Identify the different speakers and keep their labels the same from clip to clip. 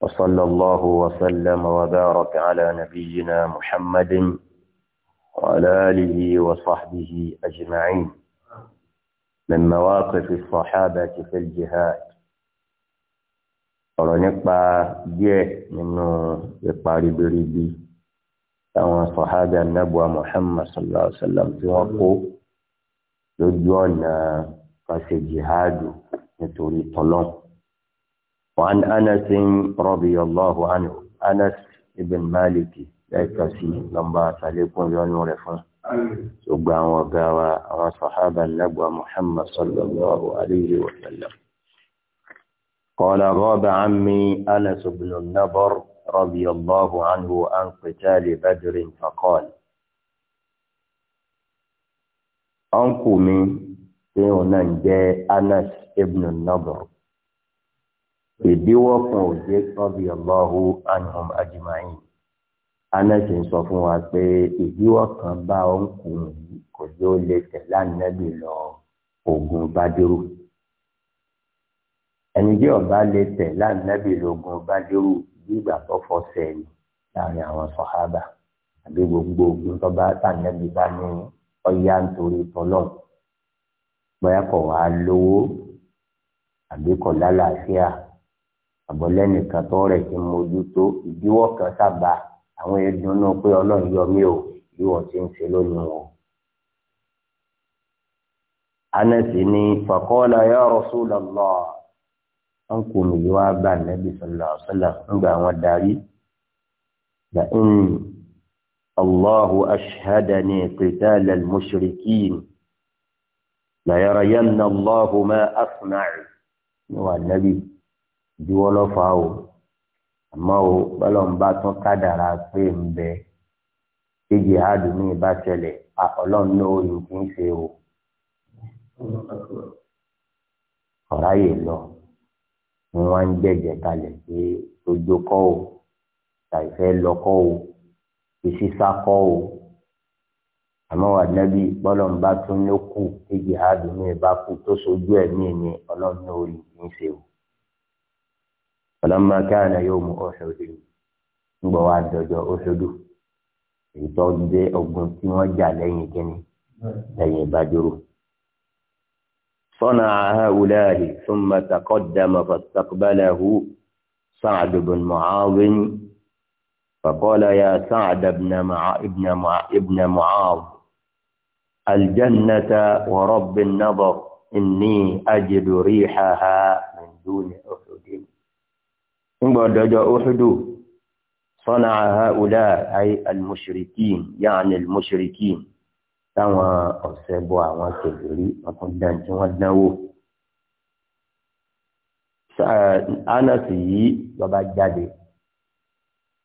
Speaker 1: وصلى الله وسلم وبارك على نبينا محمد وعلى آله وصحبه أجمعين من مواقف الصحابة في الجهاد ọ̀rọ̀ nípa díẹ̀ nínú ipa ribiribi táwọn sọ̀hábà nàbùwà Muhammad sallallahu alayhi wa sallam tí wọ́n kó lójú ọ̀nà kàṣe jihadu nítorí tọ́lọ́mù. وعن أنس رضي الله عنه أنس بن مالك ẹ̀kàsí lọ́mbà àtàlékún yọnu rẹ̀ fún ṣùgbọ́n àwọn ọ̀gá wa àwọn sàhábà nàgbà Muhammad sallallahu alayhi wa sallam. قال غاب عمي أنس بن النضر رضي الله عنه عن قتال بدر فقال أنكم من هنا جاء أنس بن النضر ìdíwọ́ kan ò jẹ́ tọ́bi ọlọ́hu anhum ajimahin anẹ́sì ń sọ fún wa pé ìdíwọ́ kan bá ọkùnrin yìí kò yí ó lè tẹ̀lé ànábì lọ ogun bádérù ẹni jẹ́ ọba lè tẹ̀lé ànábì lọ ogun bádérù nígbà tó fọsẹ̀ ni láàrin àwọn sọ̀hábà àbí gbogbo ogun tó bá tànábì bá ní ọyá nítorí tọ́lọ̀ bóyá kò wá lówó àbí kò lálàáfíà àbọ̀lẹ́nìkan tó rẹ̀ ti mójútó ìdíwọ́ kan sábà àwọn ẹ̀dùn náà pé ọlọ́run yọ mí o bí wọ́n ti ń ṣe lónìí wọn. anasi ni faqala ya Rasulullah wọn kò mí wá bá nàbì sallallahu alaihi wasallam wọn darí la in allahu ashhadani qitala al-mushrikin la yarayanna allahu ma asna'u ni wà ìdíwọ́ lọ́fà o àmọ́ o bọ́lọ́n bá tún kádàrá pé ń bẹ kéjì àádùn ní ìbá ṣẹlẹ̀ ọlọ́run náà òyìn kì í ṣe o ọ̀ráyè lọ ni wọ́n ń jẹ́jẹ́ kalẹ̀ pé ojú kọ́ o tàìfẹ́ lọ kọ́ o èsì sá kọ́ o àmọ́ ànábì bọ́lọ̀n bá tún ló kù kéjì àádùn ní ìbá kù tó sojú ẹ̀mí ni ọlọ́run náà òyìn kì í ṣe o. فلما كان يوم احد ọ̀ṣọ́dù ńgbọ́ احد يتوجد ọ̀ṣọ́dù èyí tó dé لين tí wọ́n jà صنع هؤلاء ثم تقدم فاستقبله سعد بن معاذ فقال يا سعد بن مع ابن مع ابن معاذ الجنة ورب النظر إني أجد ريحها من دون ńgbọ́ dọ́jọ́ òṣùdù sọ́nà àhàúlà àyè àlùmọ́ṣirikìn yá àni àlùmọ́ṣirikìn táwọn ọ̀sẹ̀ bọ àwọn kẹfìrí wọn tún dán tí wọ́n dánwò. anasi yìí bàbá jáde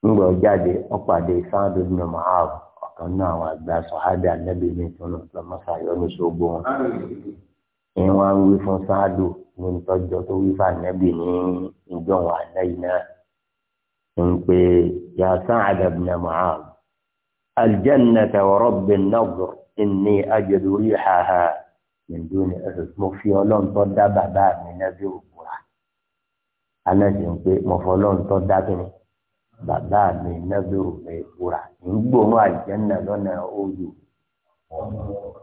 Speaker 1: ńgbọ́ jáde ọ̀pàdé sáàdù ibn Mu'adh ọ̀kan náà àwọn àgbà sọ̀hádà nẹ́bí mi tún lọ́mọ́sàyọ́ ní ṣogbo ìwọ̀n wí fún sáàdù ní ìtọ́jọ́ tó wí fún ànábì ní ìjọ̀hún àná yìí náà ń pe ya Sa'ad ibn Mu'adh aljannata wa rabbi an-nadhr inni ajidu rihaha min duni ẹ̀sùn mo fi ọlọ́run tó dá bàbá mi nábì òbúra anáàjì ń pe mo fọ ọlọ́run dá kí ni bàbá mi nábì òbúra ń gbóhùn àlùjánnà lọ́nà òòlù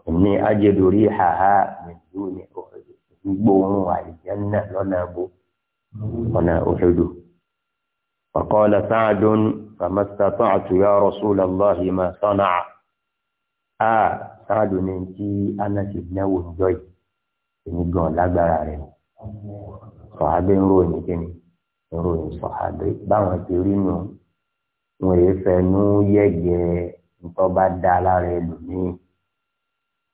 Speaker 1: inni ajidu rihaha min duni gbóòórùn àlìjánná lọ́nà abo ọ̀nà òṣèlú. وقال سعد فما استطعت يا رسول الله ما صنع a sáàdù ni tí anasi náwó jọ yìí èmi gan lágbára rẹ ni sọ̀hábẹ́ ń ròyìn kíni ń ròyìn sọ̀hábẹ́ báwọn ti rí nu wọn èé fẹnu yẹ̀yẹ́ nǹkan bá dá lára ẹlòmíì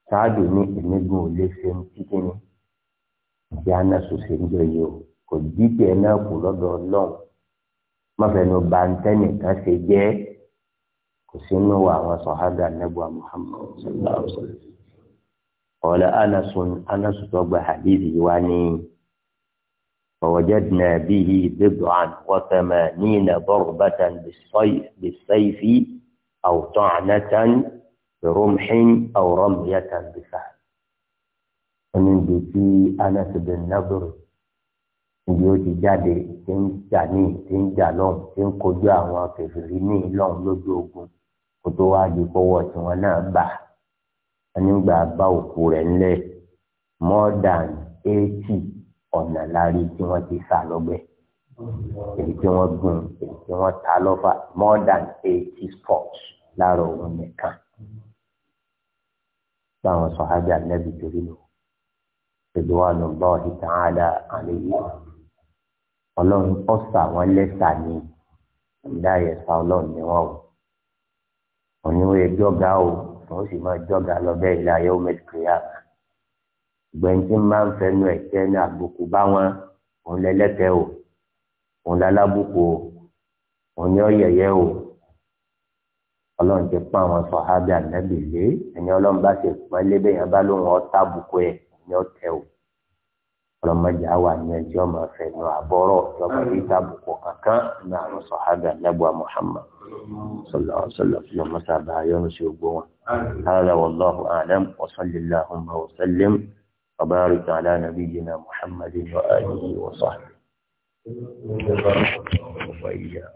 Speaker 1: sáàdù ni èmi ò lè ṣe ní kíkíni bí anasu ṣe ń jọ yìí o kò dídì ẹ náà kù lọ́dọ̀ Ọlọ́run mọfẹnu bàǹtẹnì kan ṣe jẹ kò sínú àwọn sọhábà nẹbùa Muhammad sallallahu alaihi wa sallam ọ̀la anasu anasu tó gba hadithi wa ni fawajadna bihi bid'an wa thamanina darbatan bis-sayfi aw rumhin aw ramyatan níbi tí Anas bin Nadir níbi ó ti jáde tí ń jà ní tí ń jà lọ́hùn tí ń kojú àwọn kèfèrí ní lọ́hùn lójú ogun kó tó wá di fọwọ́ tí wọ́n náà bà nígbà bá òkú rẹ̀ ńlẹ̀ more than eighty ọ̀nà lárí tí wọ́n ti sá lọ́gbẹ́ èyí tí wọ́n gun èyí tí wọ́n ta lọ́fà more than eighty spots ṣèlúwàlú lọ́ọ̀hì tààlà àlejò ọlọ́run ọ̀sà wọn lẹ́sà ni ìdáyẹ̀ sa ọlọ́run ni wọ́n o òníwèé jọ́gà o wọ́n sì máa jọ́gà lọ bẹ́ẹ̀ ilé ayé omi kìíyà gbẹ̀ǹtì máa ń fẹnu ẹ̀kẹ́ ní àbùkù bá wọn òun lẹ́lẹ́kẹ́ o òun lálábùkù o òun ní ọ̀yẹ̀yẹ́ o ọlọ́run ti pa àwọn sọ̀hábì ànábì ẹni ọlọ́run bá ṣe pọ́n lébẹ̀yàn bá lóun ọ̀tá àbùkù ẹ̀ ni ọ tẹ o ọlọmọdé àwa ni ẹjọ máa fẹ ní àbọrọ lọmọ bíi tábùkù kankan ní àwọn sọhágà lẹbùa Muhammad sọlọ sọlọ fún ọmọ sábà yọrù sí ogbó wọn. هذا والله أعلم وصل اللهم وسلم وبارك على نبينا محمد وآله وصحبه وإياه